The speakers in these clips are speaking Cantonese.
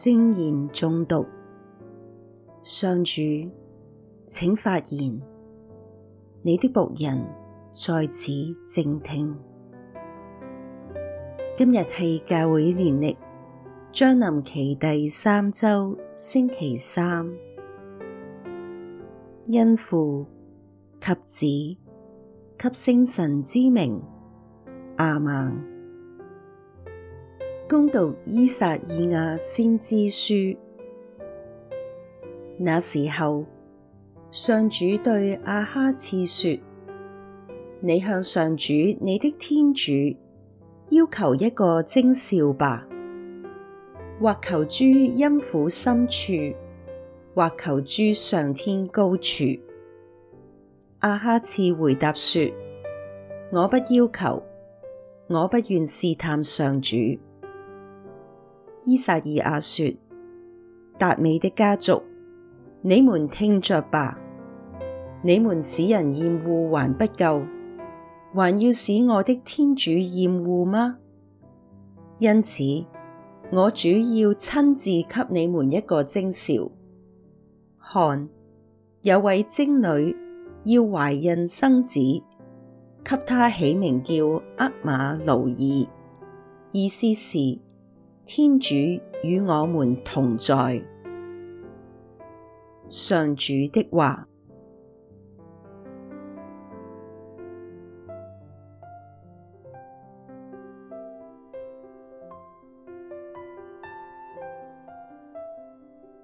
聖言誦讀，上主，請發言，你的僕人在此靜聽。今日係教會年曆將臨期第三周星期三，因父及子及聖神之名，阿門。恭讀依撒意亞先知書。那時候上主對阿哈次說：你向上主你的天主要求一個徵兆徵兆吧！或求諸陰府深處，或求諸上天高處。阿哈次回答說：我不要求，我不願試探上主。依撒意亞說：達味的家族，你們聽着吧，你們使人厭惡還不夠，還要使我的天主厭惡嗎？因此，我主要親自給你們一個徵兆：看，有位貞女要懷孕生子，給他起名叫厄瑪奴耳，意思是，天主與我們同在，上主的話。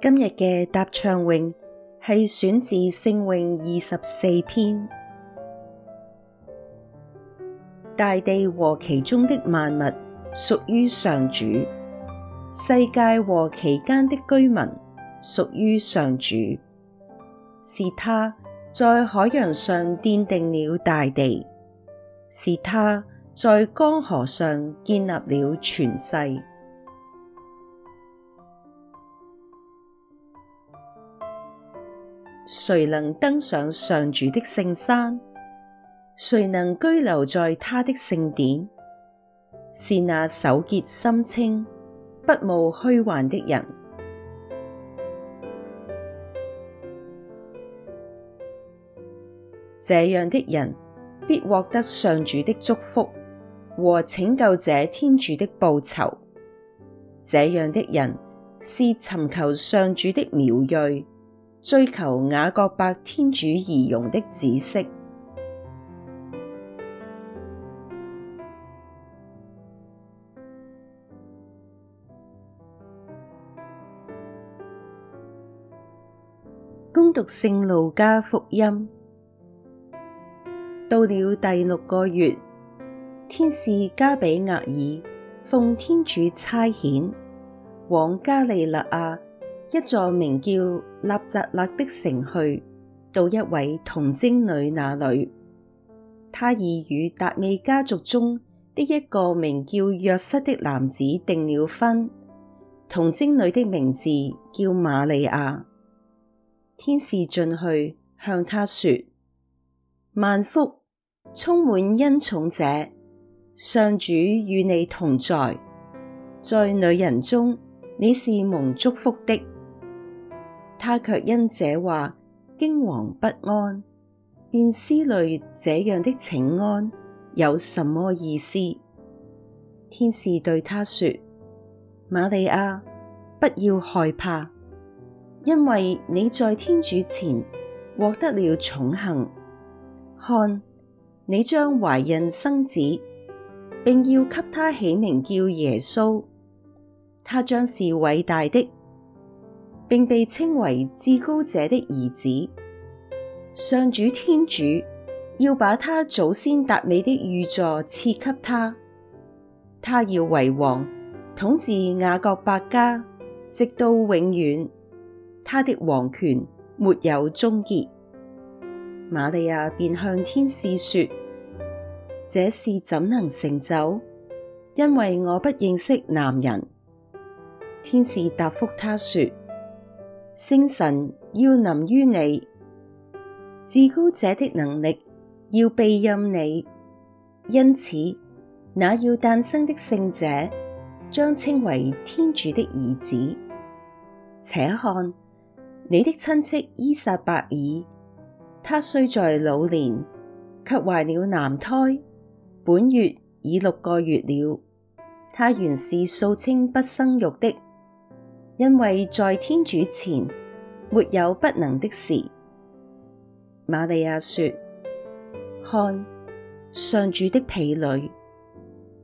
今日嘅答唱詠係選自聖詠二十四篇。大地和其中的萬物屬於上主。世界和其間的居民屬於上主，是他在海洋上奠定了大地，是他在江河上建立了全世。誰能登上上主的聖山？誰能居留在他的聖殿？是那手潔心清。不慕虛幻的人，這樣的人必獲得上主的祝福和拯救者天主的報酬。這樣的人是尋求上主的苗裔，追求雅各伯天主儀容的子息。恭讀聖路加福音，到了第六個月，天使加俾額爾奉天主差遣，往加里肋亞一座名叫納匝肋的城去，到一位童貞女那裡，她已與達味家族中的一個名叫若瑟的男子訂了婚。童貞女的名字叫瑪利亞。天使進去向他說：萬福，充滿恩寵者，上主與你同在。在女人中，你是蒙祝福的。他卻因這話驚惶不安，便思慮這樣的請安有什麼意思？天使對他說：瑪利亞，不要害怕。因為你在天主前獲得了寵幸，看你將懷孕生子，並要給他起名叫耶穌。他將是偉大的，並被稱為至高者的兒子。上主天主要把他祖先達味的御座賜給他，他要為王統治雅各伯家，直到永遠。他的王權沒有終結，瑪利亞便向天使說：這事怎能成就？因為我不認識男人。天使答覆她說：聖神要臨於你，至高者的能力要庇蔭你，因此那要誕生的聖者將稱為天主的兒子。且看。你的親戚伊撒伯爾，他雖在老年，却懷了男胎，本月已六個月了。他原是素清不生育的，因為在天主前沒有不能的事。瑪利亞說：看上主的婢女，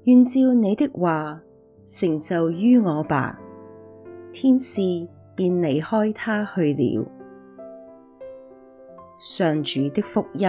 願照你的話成就於我吧。天使」便離開他去了。—上主的福音。